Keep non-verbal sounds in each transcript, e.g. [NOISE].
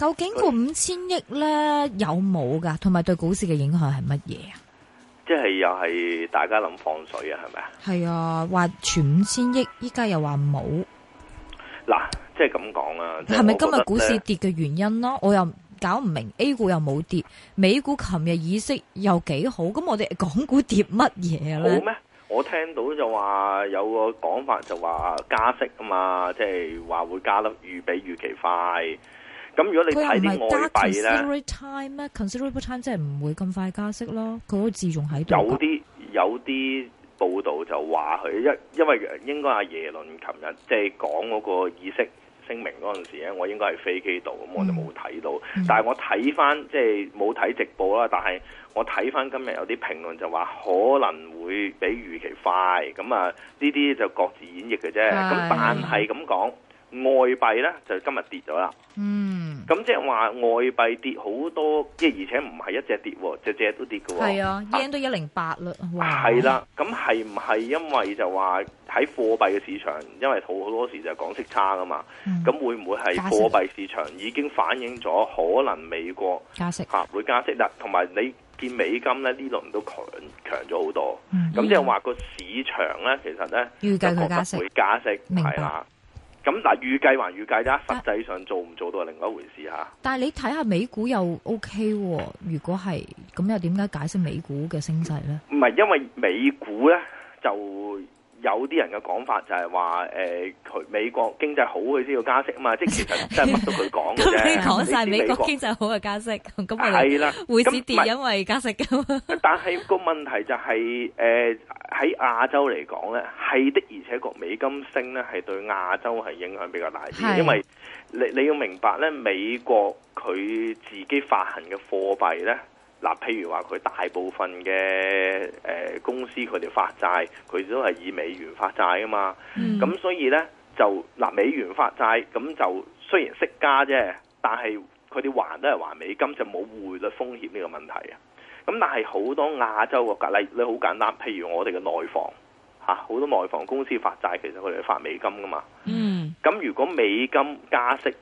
究竟個五千億咧有冇噶？同埋對股市嘅影響係乜嘢啊？即係又係大家諗放水啊？係咪啊？係啊，話存五千億，依家又話冇。嗱、就是，即係咁講啊，係咪今日股市跌嘅原因咯？我又搞唔明，A 股又冇跌，美股琴日意識又幾好，咁我哋港股跌乜嘢咧？冇咩？我聽到就話有個講法就話加息啊嘛，即係話會加粒預比預期快。咁如果你睇啲外幣咧，佢係唔係 considerable time 咩？considerable time 即係唔會咁快加息咯。佢個字仲喺度。有啲有啲報道就話佢，因為應該阿耶倫琴日即係講嗰個議息聲明嗰陣時咧，我應該係飛機度，咁我就冇睇到。嗯、但係我睇翻即係冇睇直播啦。但係我睇翻今日有啲評論就話可能會比預期快。咁啊呢啲就各自演繹嘅啫。咁但係咁講外幣咧，就今日跌咗啦。嗯。咁即係話外幣跌好多，即係而且唔係一隻跌，只只都跌嘅。係啊，yen 都一零八啦。係啦，咁係唔係因為就話喺貨幣嘅市場，因為好好多時就講息差啊嘛。咁、嗯、會唔會係貨幣市場已經反映咗可能美國加息吓、啊、會加息？嗱，同埋你見美金咧呢輪都強強咗好多。咁即係話個市場咧，其實咧，預計佢加息，明白。咁嗱，預計還預計啫，實際上做唔做到係另外一回事吓、啊、但係你睇下美股又 O K 喎，如果係，咁又點解解釋美股嘅升勢咧？唔係因為美股咧就會。有啲人嘅講法就係話，誒、呃、佢美國經濟好佢先要加息啊嘛，即係其實真係乜都佢 [LAUGHS] 講嘅啫。講晒美國經濟好嘅加息，咁係啦，會唔會跌？因為加息㗎。是 [LAUGHS] 但係個問題就係、是，誒、呃、喺亞洲嚟講咧，係的，而且確美金升咧係對亞洲係影響比較大啲，因為你你要明白咧，美國佢自己發行嘅貨幣咧。嗱，譬如話佢大部分嘅誒公司佢哋發債，佢都係以美元發債啊嘛。咁、mm. 所以呢，就嗱美元發債，咁就雖然息加啫，但係佢哋還都係還美金，就冇匯率風險呢個問題啊。咁但係好多亞洲個例，你好簡單，譬如我哋嘅內房嚇，好多內房公司發債，其實佢哋發美金噶嘛。咁、mm. 如果美金加息，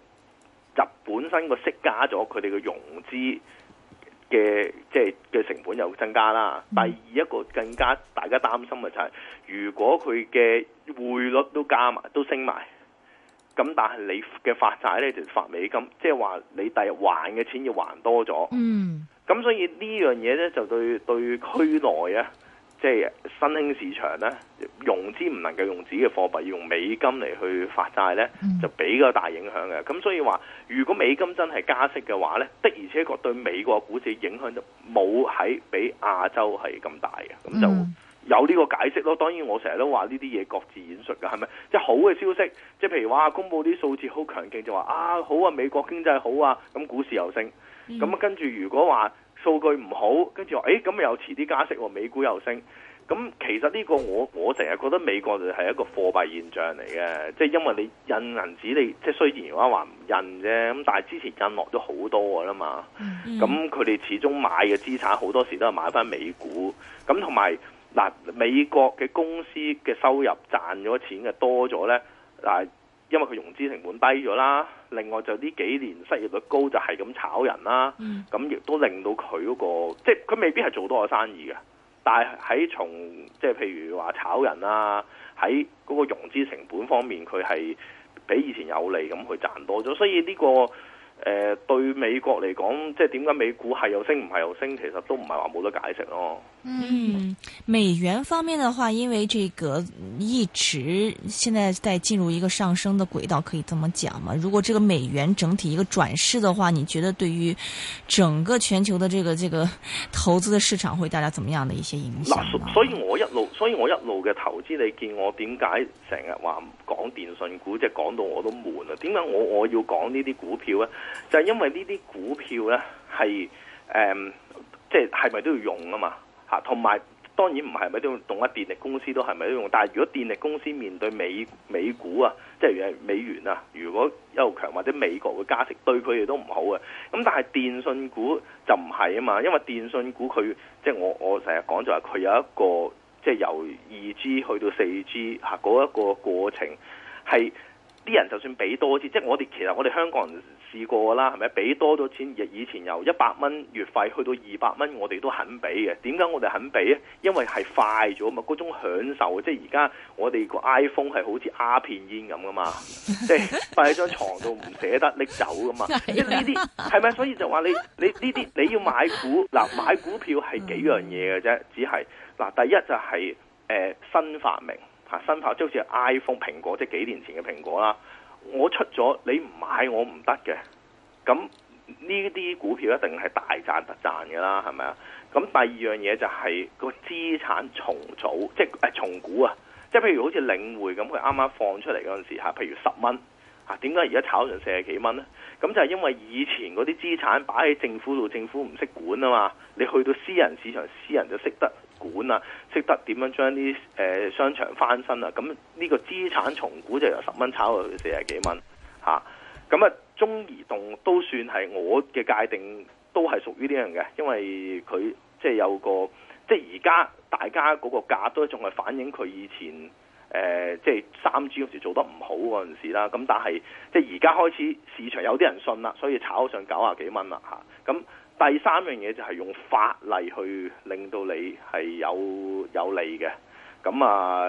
就本身個息加咗，佢哋嘅融資。嘅即係嘅成本又增加啦。第二一個更加大家擔心嘅就係，如果佢嘅匯率都加埋都升埋，咁但係你嘅發債呢就發美金，即係話你第日還嘅錢要還多咗。嗯，咁所以呢樣嘢呢，就對對區內啊。即、新興市場咧，融資唔能夠用自己嘅貨幣，要用美金嚟去發債咧，就比較大影響嘅。咁所以話，如果美金真係加息嘅話咧，的而且確對美國股市的影響就冇喺比亞洲係咁大嘅。咁就有呢個解釋咯。當然我成日都話呢啲嘢各自演述嘅，係咪？即、好嘅消息，即係譬如話公布啲數字好強勁，就話啊好啊美國經濟好啊，咁股市又升。咁啊跟住如果話。數據唔好，跟住話，誒、欸，咁又遲啲加息，美股又升，咁其實呢個我我成日覺得美國就係一個貨幣現象嚟嘅，即係因為你印銀紙，你即係雖然話話唔印啫，咁但係之前印落咗好多㗎啦嘛，咁佢哋始終買嘅資產好多時都係買翻美股，咁同埋嗱美國嘅公司嘅收入賺咗錢嘅多咗咧，嗱。因為佢融資成本低咗啦，另外就呢幾年失業率高，就係咁炒人啦。咁、嗯、亦都令到佢嗰、那個，即係佢未必係做多個生意嘅。但係喺從即係譬如話炒人啦，喺嗰個融資成本方面，佢係比以前有利咁去賺多咗。所以呢、這個誒、呃、對美國嚟講，即係點解美股係又升唔係又升，其實都唔係話冇得解釋咯。嗯，美元方面的話，因為這個一直現在在進入一個上升的軌道，可以這麼講嘛？如果這個美元整體一個轉勢的話，你覺得對於整個全球的這個這個投資的市場會帶來怎麼樣的一些影響？所以，我一路，所以我一路嘅投資，你見我點解成日話唔講電信股，即係講到我都悶啊？點解我我要講呢啲股票呢就係、是、因為呢啲股票咧係誒，即係係咪都要用啊嘛？嚇，同埋當然唔係咪都用動一電力公司都係咪都用？但係如果電力公司面對美美股啊，即係美元啊，如果優強或者美國會加息對佢哋都唔好嘅，咁但係電信股就唔係啊嘛，因為電信股佢即係我我成日講就話佢有一個即係由二 G 去到四 G 嚇嗰一個過程係啲人就算俾多啲，即係我哋其實我哋香港人。試過啦，係咪？俾多咗錢，以以前由一百蚊月費，去到二百蚊，我哋都肯俾嘅。點解我哋肯俾咧？因為係快咗嘛，嗰種享受，即係而家我哋個 iPhone 係好似鴉片煙咁噶嘛，即係擺喺張床度唔捨得拎走噶嘛。呢啲係咪？所以就話你你呢啲你要買股嗱，買股票係幾樣嘢嘅啫，只係嗱，第一就係、是、誒、呃、新發明吓，新發即好似 iPhone 蘋果，即係幾年前嘅蘋果啦。我出咗，你唔買我唔得嘅。咁呢啲股票一定係大賺特賺㗎啦，係咪啊？咁第二樣嘢就係個資產重組，即係、哎、重估啊，即係譬如好似領匯咁，佢啱啱放出嚟嗰陣時吓，譬如十蚊。啊，點解而家炒成四十幾蚊咧？咁就係因為以前嗰啲資產擺喺政府度，政府唔識管啊嘛。你去到私人市場，私人就識得管啦、啊，識得點樣將啲誒、呃、商場翻身啦、啊。咁呢個資產重估就由十蚊炒到四十幾蚊嚇。咁啊，中移動都算係我嘅界定，都係屬於呢樣嘅，因為佢即係有個即係而家大家嗰個價都仲係反映佢以前。誒、呃，即係三 G 嗰時做得唔好嗰陣時啦，咁但係即係而家開始市場有啲人信啦，所以炒上九啊幾蚊啦嚇。咁第三樣嘢就係用法例去令到你係有有利嘅。咁啊，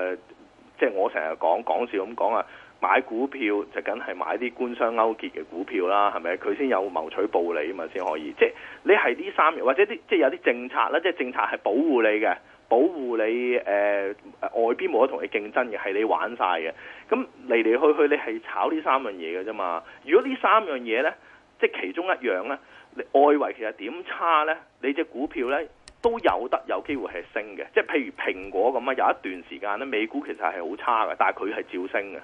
即係我成日講講笑咁講啊，買股票就梗係買啲官商勾結嘅股票啦，係咪？佢先有謀取暴利嘛，先可以。即係你係呢三樣，或者啲即係有啲政策啦，即係政策係保護你嘅。保護你誒、呃、外邊冇得同你競爭嘅係你玩晒嘅，咁嚟嚟去去你係炒呢三樣嘢嘅啫嘛。如果呢三樣嘢呢，即係其中一樣呢，你外圍其實點差呢？你隻股票呢，都有得有機會係升嘅。即係譬如蘋果咁啊，有一段時間呢，美股其實係好差嘅，但係佢係照升嘅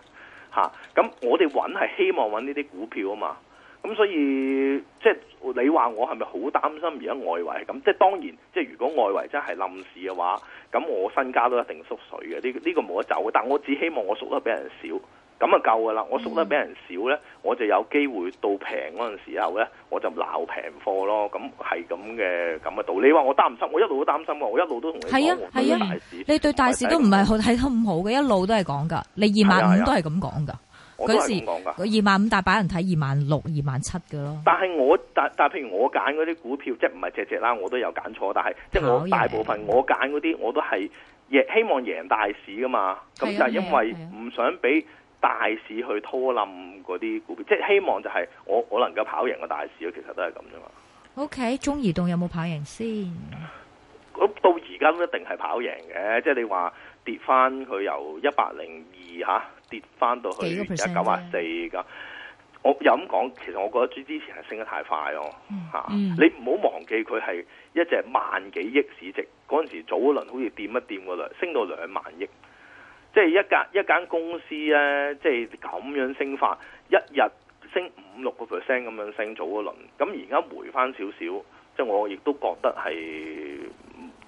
嚇。咁、啊、我哋揾係希望揾呢啲股票啊嘛。咁、嗯、所以即係你話我係咪好擔心而家外圍咁？即係當然，即係如果外圍真係冧市嘅話，咁我身家都一定縮水嘅。呢、這、呢個冇得走，但我只希望我縮得比人少，咁啊夠噶啦！我縮得比人少咧，我就有機會到平嗰陣時候咧，我就撈平貨咯。咁係咁嘅咁嘅道理。你話我擔心，我一路都擔心嘅，我一路都同你講。係啊，對啊，你對大市都唔係睇好唔、啊啊、好嘅，一路都係講噶，你二萬五都係咁講噶。我都係咁講㗎，佢二萬五大把人睇二萬六二萬七嘅咯，但係我但但譬如我揀嗰啲股票，即係唔係隻隻啦，我都有揀錯，但係即係我大部分我揀嗰啲，我都係亦希望贏大市噶嘛，咁、啊、就係因為唔想俾大市去拖冧嗰啲股票，啊啊啊、即係希望就係我我能夠跑贏個大市咯，其實都係咁啫嘛。O、okay, K，中移動有冇跑贏先？咁到而家都一定係跑贏嘅，即係你話。跌翻佢由一百零二吓跌翻到去九八四㗎。我又咁講，其實我覺得之之前係升得太快哦、嗯啊嗯、你唔好忘記佢係一隻萬幾億市值，嗰陣時早嗰輪好似掂一掂嘅嘞，升到兩萬億，即係一間一間公司咧，即係咁樣升法，一日升五六個 percent 咁樣升早嗰輪，咁而家回翻少少，即係我亦都覺得係。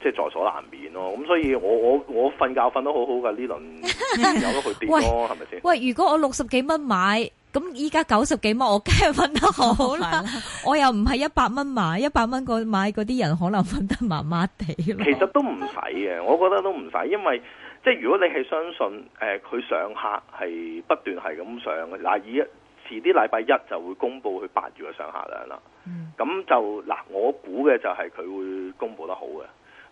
即在所難免咯，咁所以我我我瞓覺瞓得好好噶，呢輪有得佢跌咯，係咪先？喂，如果我六十幾蚊買，咁依家九十幾蚊，我梗係瞓得好啦。 [LAUGHS] 我又唔係一百蚊買，一百蚊個買嗰啲人可能瞓得麻麻地。其實都唔使嘅， [LAUGHS] 我覺得都唔使，因為即如果你係相信誒佢、呃、上客係不斷係咁上嘅，嗱，以遲啲禮拜一就會公布佢八月嘅上客量啦。咁就嗱、呃，我估嘅就係佢會公布得好嘅。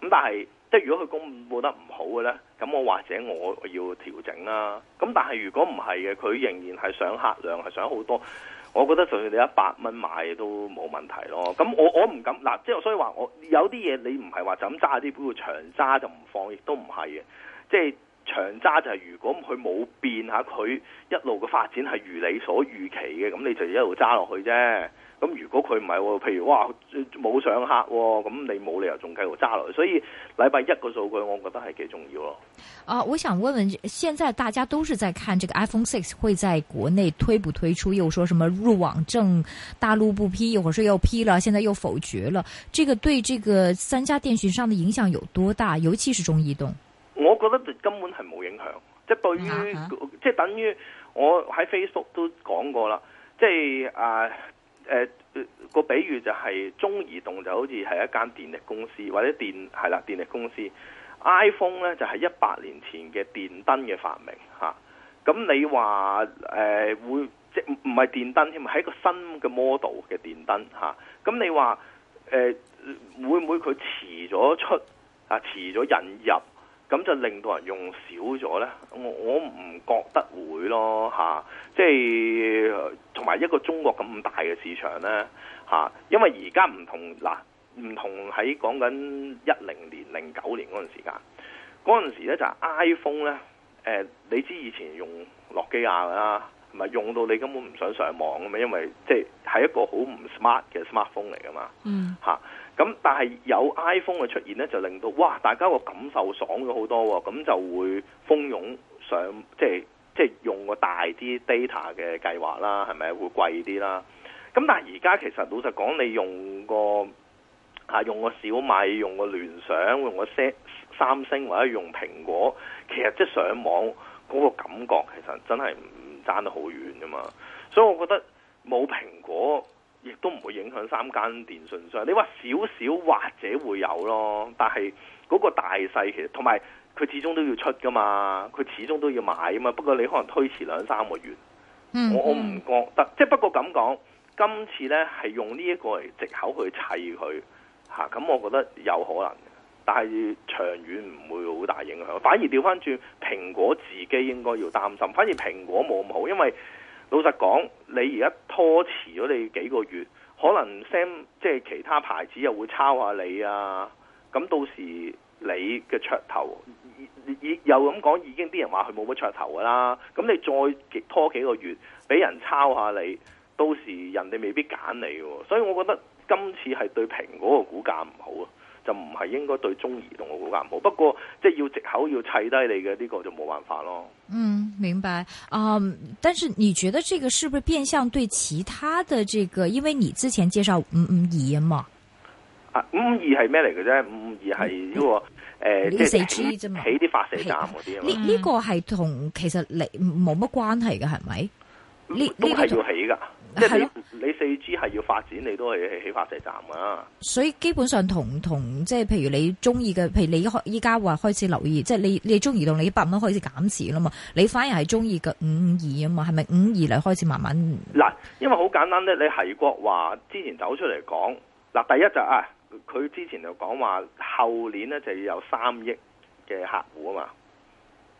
咁但係，即係如果佢公布得唔好嘅呢，咁我或者我要調整啦、啊。咁但係如果唔係嘅，佢仍然係想客量係想好多，我覺得就算你一百蚊買都冇問題咯。咁我我唔敢嗱，即係所以話我有啲嘢你唔係話就咁揸啲，比如長揸就唔放，亦都唔係嘅，即係。長揸就係如果佢冇變吓，佢一路嘅發展係如你所預期嘅，咁你就一路揸落去啫。咁如果佢唔係喎，譬如哇冇上客喎、哦，咁你冇理由仲繼續揸落去。所以禮拜一嘅數據，我覺得係幾重要咯。啊，我想問問，現在大家都是在看這個 iPhone Six 會在國內推不推出？又說什麼入網證大陸不批，又或者說又批了，現在又否決了。這個對這個三家電訊商嘅影響有多大？尤其是中移動。我覺得根本係冇影響，即係對於，即係等於我喺 Facebook 都講過啦，即係啊，誒、呃呃那個比喻就係中移動就好似係一間電力公司，或者電係啦，電力公司 iPhone 咧就係一百年前嘅電燈嘅發明嚇，咁、啊、你話誒、呃、會即唔唔係電燈添，係一個新嘅 model 嘅電燈嚇，咁、啊、你話誒、呃、會唔會佢遲咗出啊，遲咗引入？咁就令到人用少咗咧，我我唔覺得會咯、啊、即係同埋一個中國咁大嘅市場咧、啊、因為而家唔同嗱，唔、啊、同喺講緊一零年、零九年嗰陣時間，嗰陣時咧就係 iPhone 咧、呃，你知以前用諾基亞啦，係咪用到你根本唔想上網咁嘛，因為即係係一個好唔 smart 嘅 smartphone 嚟噶嘛，嗯、啊咁但係有 iPhone 嘅出現呢，就令到哇，大家個感受爽咗好多喎，咁就會蜂擁上，即係即係用個大啲 data 嘅計劃啦，係咪？會貴啲啦。咁但係而家其實老實講，你用個、啊、用個小米，用個聯想，用個三三星或者用蘋果，其實即係上網嗰、那個感覺其實真係唔差得好遠噶嘛。所以我覺得冇蘋果。亦都唔會影響三間電信商。你話少少或者會有咯，但係嗰個大勢其實同埋佢始終都要出噶嘛，佢始終都要買啊嘛。不過你可能推遲兩三個月，嗯嗯我我唔覺得。即係不過咁講，今次呢係用呢一個嚟藉口去砌佢吓，咁，啊，我覺得有可能，但係長遠唔會好大影響。反而調翻轉，蘋果自己應該要擔心。反而蘋果冇咁好，因為。老實講，你而家拖遲咗你幾個月，可能 Sam 即係其他牌子，又會抄下你啊！咁到時你嘅噱頭，以又咁講，已經啲人話佢冇乜噱頭噶啦。咁你再拖幾個月，俾人抄下你，到時人哋未必揀你喎，啊。所以我覺得今次係對蘋果個股價唔好啊！就唔係應該對中移動嘅股價唔好？不過即係要藉口要砌低你嘅呢、這個就冇辦法咯。嗯，明白。啊、嗯，但是你覺得這個是不是變相對其他的這個？因為你之前介紹五五二嘛。啊，五二係咩嚟嘅啫？五二係呢個誒，四 G 啫嘛，起啲發射站嗰啲呢呢個係同其實嚟冇乜關係嘅，係咪？呢、這個、都係要起㗎。即、就、係、是、你四 G 係要發展，你都係起發射站噶。所以基本上同同即係，譬如你中意嘅，譬如你依家話開始留意，即、就、係、是、你你中意同你一百蚊開始減持啦嘛？你反而係中意嘅五二啊嘛？係咪五二嚟開始慢慢？嗱，因為好簡單咧，李國華之前走出嚟講，嗱，第一就是、啊，佢之前就講話後年咧就要有三億嘅客戶啊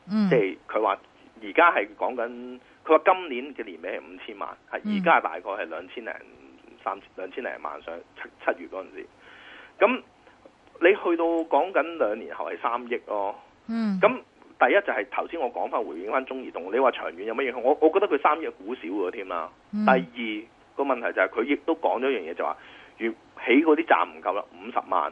嘛，即係佢話而家係講緊。就是佢話今年嘅年尾係五千萬，係而家大概係兩千零三兩千零萬上七七月嗰陣時，咁你去到講緊兩年後係三億咯、哦。咁、嗯、第一就係頭先我講翻回應翻中移動，你話長遠有咩影響？我我覺得佢三億股少咗添啦。第二個問題就係佢亦都講咗一樣嘢，就話要起嗰啲站唔夠啦，五十萬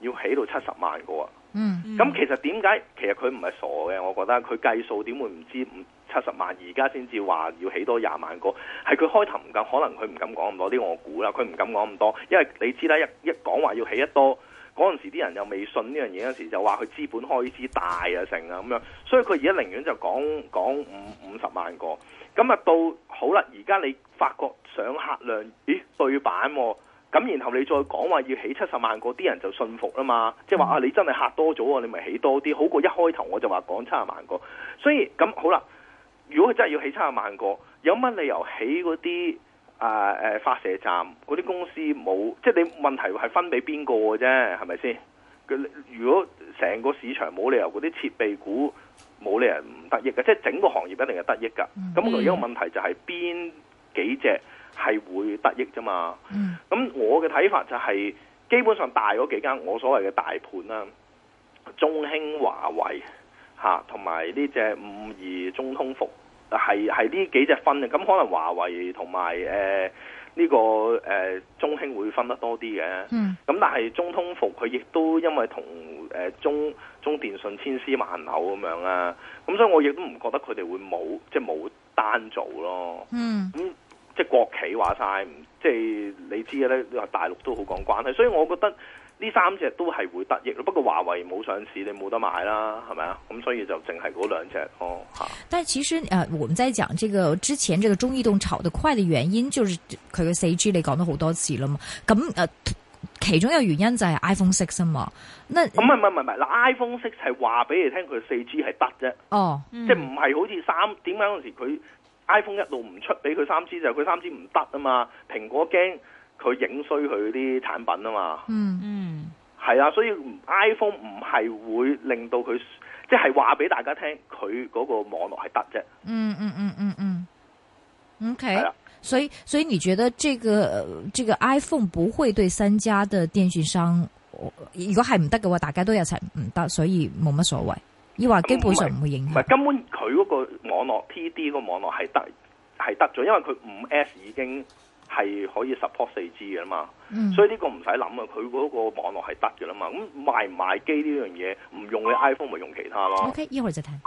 要起到七十萬個㗎。咁其實點解其實佢唔係傻嘅？我覺得佢、嗯就是啊嗯嗯、計數點會唔知道？七十萬而家先至話要起多廿萬個，係佢開頭唔敢，可能佢唔敢講咁多，啲、呢。我估啦，佢唔敢講咁多，因為你知啦，一一講話要起得多，嗰陣時啲人又未信呢樣嘢，嗰陣時就話佢資本開支大啊，成啊咁樣，所以佢而家寧願就講講五五十萬個，咁啊到好啦，而家你發覺上客量，咦對板喎、啊，咁然後你再講話要起七十萬個，啲人就信服啦嘛，即係話啊，你真係客多咗啊，你咪起多啲，好過一開頭我就話講七十萬個，所以咁好啦。如果佢真係要起七十萬個，有乜理由起嗰啲啊？誒、呃、發射站嗰啲公司冇，即係你問題係分俾邊個嘅啫？係咪先？如果成個市場冇理由嗰啲設備股冇理由唔得益嘅，即係整個行業一定係得益㗎。咁、mm、佢 -hmm. 一個問題就係、是、邊幾隻係會得益啫嘛？咁我嘅睇法就係、是、基本上大嗰幾間，我所謂嘅大盤啦，中興、華為嚇，同埋呢隻五二中通服。係係呢幾隻分嘅，咁可能華為同埋誒呢個誒、呃、中興會分得多啲嘅。咁、mm. 但係中通服佢亦都因為同誒、呃、中中電信千絲萬縷咁樣啦，咁所以我亦都唔覺得佢哋會冇即係冇單做咯。咁、mm. 即係國企話晒，即係你知嘅咧，你話大陸都好講關係，所以我覺得。呢三隻都係會得益咯，不過華為冇上市，你冇得買啦，係咪啊？咁所以就淨係嗰兩隻哦吓。但係其實誒、呃，我們在講、這個之前，個中移動炒得快嘅原因，就是佢嘅四 G，你講咗好多次啦嘛。咁其中一個原因就係 iPhone Six 啊嘛。咁唔係唔係唔係嗱，iPhone Six 係話俾你聽佢四 G 係得啫。哦，嗯、即係唔係好似三點解嗰時佢 iPhone 一度唔出俾佢三 G 就佢三 G 唔得啊嘛？蘋果驚。佢影衰佢啲產品啊嘛，嗯嗯，係啊，所以 iPhone 唔係會令到佢，即係話俾大家聽，佢嗰個網絡係得啫。嗯嗯嗯嗯嗯，OK、啊。所以所以，你覺得呢、這個呢、這個 iPhone 不會對三家的電訊商，如果係唔得嘅話，大家都一齊唔得，所以冇乜所謂。以話基本上唔會影響。唔、嗯、係根本佢嗰個網絡，TD 個網絡係得係得咗，因為佢五 S 已經。係可以 support 四 G 嘅嘛，嗯，所以呢個唔使諗啊，佢嗰個網絡係得嘅啦嘛。咁賣唔賣機呢樣嘢，唔用你 iPhone 咪用其他咯。OK，一會再談。